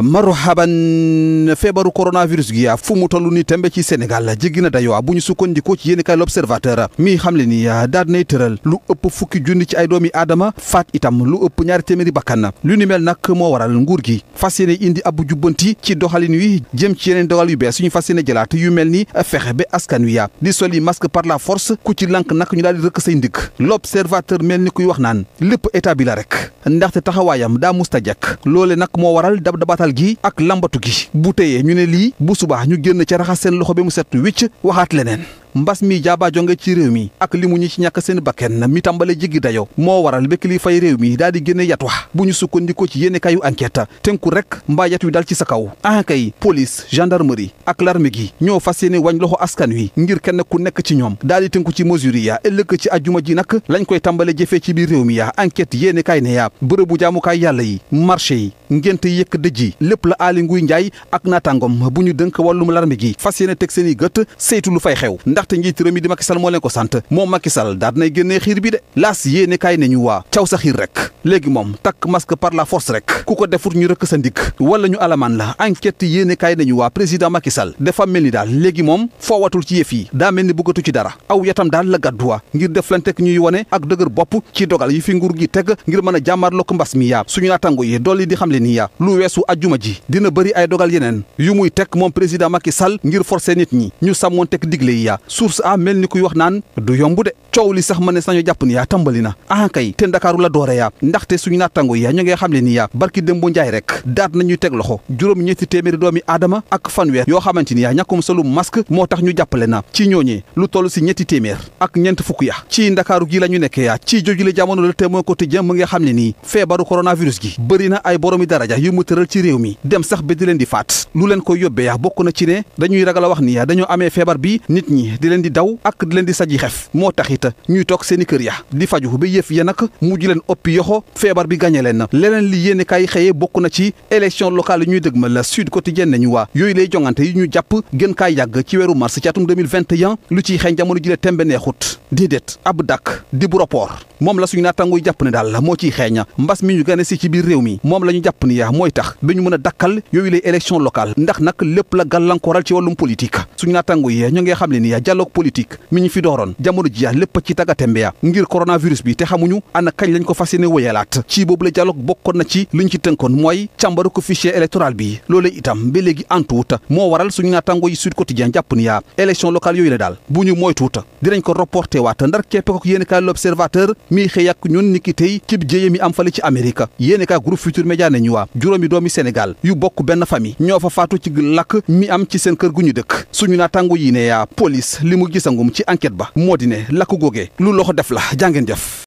marhaban feebaru coronavirus gi yaa fu mu toll ni tembe ci Sénégal jéggi na a bu ñu sukkandikoo ci yéeni kaay l'observateur mi xam le ni daal nay tëral lu ëpp fukki junni ci ay doomi aadama faat itam lu ëpp ñaari téeméeri bakkan lu ni mel nag moo waral nguur gi fas yéene indi ab jubbanti ci doxalin wi jëm ci yeneen dogal yu bees suñu fas yéene jëlaat yu mel ni fexe ba askan wi ya di soli masque par la force ku ci lank nag ñu daal di rëkk say ndigg l'observateur mel ni kuy wax naan lépp état bi la rek ndaxte taxawaayam daa musta jekk loole nag moo waral dab setal gi ak lambatu gi bu teyee ñu ne lii bu subaa ñu génn ca raxas seen loxo bi mu set wicc waxaat leneen mbas mi jaaba jonge ci réew mi ak li mu ñu ci ñàkk seen bakken mi tàmbale jiggi dayo moo waral ba kilifay réew mi daal di génne yat wax bu ñu sukkandikoo ci yéene kayu enquête tënku rek mbaa yat dal ci sa kaw ankay ah police gendarmerie ak larme gi ñoo fas yéene wañ loxo askan wi ngir kenn ku nekk ci ñoom daal di tënku ci mesure ëllëk ëllëg ci ajuma ji nag lañ koy tàmbale jëfee ci biir réew mi ya enquête yéene kay ne ya bërëbu jaamukaay yàlla yi marché yi ngénte yëkk dëj yi lépp la aali nguy njaay ak naatàngom bu ñu dënk wàllum larme gi fas yéene teg seen i gët saytu lu fay xew ndaxte njiit réew mi di Macky Sall ko sant moom Macky Sall daat nay génnee xiir bi de laas yéene kaay ne ñu waa caw sa xiir rek léegi moom takk masque par la force rek ku ko defut ñu rëkk sa ndig wala ñu alamaan la enquête yéene kaay ne ñu waa président Macky Sall dafa mel ni daal léegi moom foowatul ci yëf daa mel ni bëggatu ci dara aw yatam daal la gàdduwaa ngir def lan tek ñuy wone ak dëgër bopp ci dogal yi fi nguur gi teg ngir mën a jàmmaarloo ko mbas mi yaa suñu naatango yi dolli di xam le ni yaa lu weesu ajjuma ji dina bëri ay dogal yeneen yu muy teg moom président Macky Sall ngir forcer nit ñi ñu sàmmoon teg digle yi yaa source a mel ni kuy wax naan du yombu de coow li sax ma ne sañu jàpp ni tambali tàmbali na ah kay te ndakaaru la doore yaa ndaxte suñu naattango yi yaa ñu ngi xam ne ni yaa barki démb njaay rek daat nañu teg loxo juróom ñetti téeméeri doomi aadama ak fanweer yoo xamante ni yaa ñàkkum solum masque moo tax ñu jàppale na ci ñooñee lu toll si ñetti téeméer ak ñeent fukk ya ci ndakaaru gi la ñu nekkee yaa ci joju le jamono la témoin quotidien mu ngi xam ne nii feebaru coronavirus gi bëri na ay boroomi daraja yu mu tëral ci réew mi dem sax ba di leen di faat lu leen ko yóbbee bokk na ci ne dañuy ragal wax ni yaa amee feebar bi nit ñi di leen di ak di leen di saji xef moo taxit métta ñuy toog seeni kër ya di faju ba yëf ya nag mujj leen oppi yoxo feebar bi gàñe leen leneen li yéene kaay xëyee bokk na ci élection locale yi ñuy dëgmal la Sud Quotidien nañu waa yooyu lay jongante yi ñu jàpp gën kaay yàgg ci weeru mars ci atum 2021 lu ci xeeñ jamono ji le ne neexut déedéet ab dakk dibu rapport moom la suñu naattango yi jàpp ne daal moo ciy xeeña mbas mi ñu gane si ci biir réew mi moom la ñu jàpp ni mooy tax ba ñu mën a dakkal yooyu lay élection ndax nag lépp la gàllankooral ci wàllum politique suñu naattango yi ñu ngi xam ne ni dialogue politique mi ñu fi dooroon jamono ji lépp ci tagatembe ya ngir coronavirus bi te xamuñu ana kañ lañ ko fas yéene wéyalaat ci boobu la dialogue na ci liñ ci tënkoon mooy càmbaru ñëwaat ndar keppe ko yéen kaay l'observateur mi xëy ak ñun niki tey cib jéye mi am fale ci Amérique yéen kaay groupe Futur Média ne ñu waa juróomi doomi Sénégal yu bokk benn famille ñoo fa faatu ci lakk mi am ci seen kër gu ñu dëkk suñu naataango yi ne yaa police li mu gisangum ci enquête ba moo di ne lakk googe lu loxo def la jàngeen def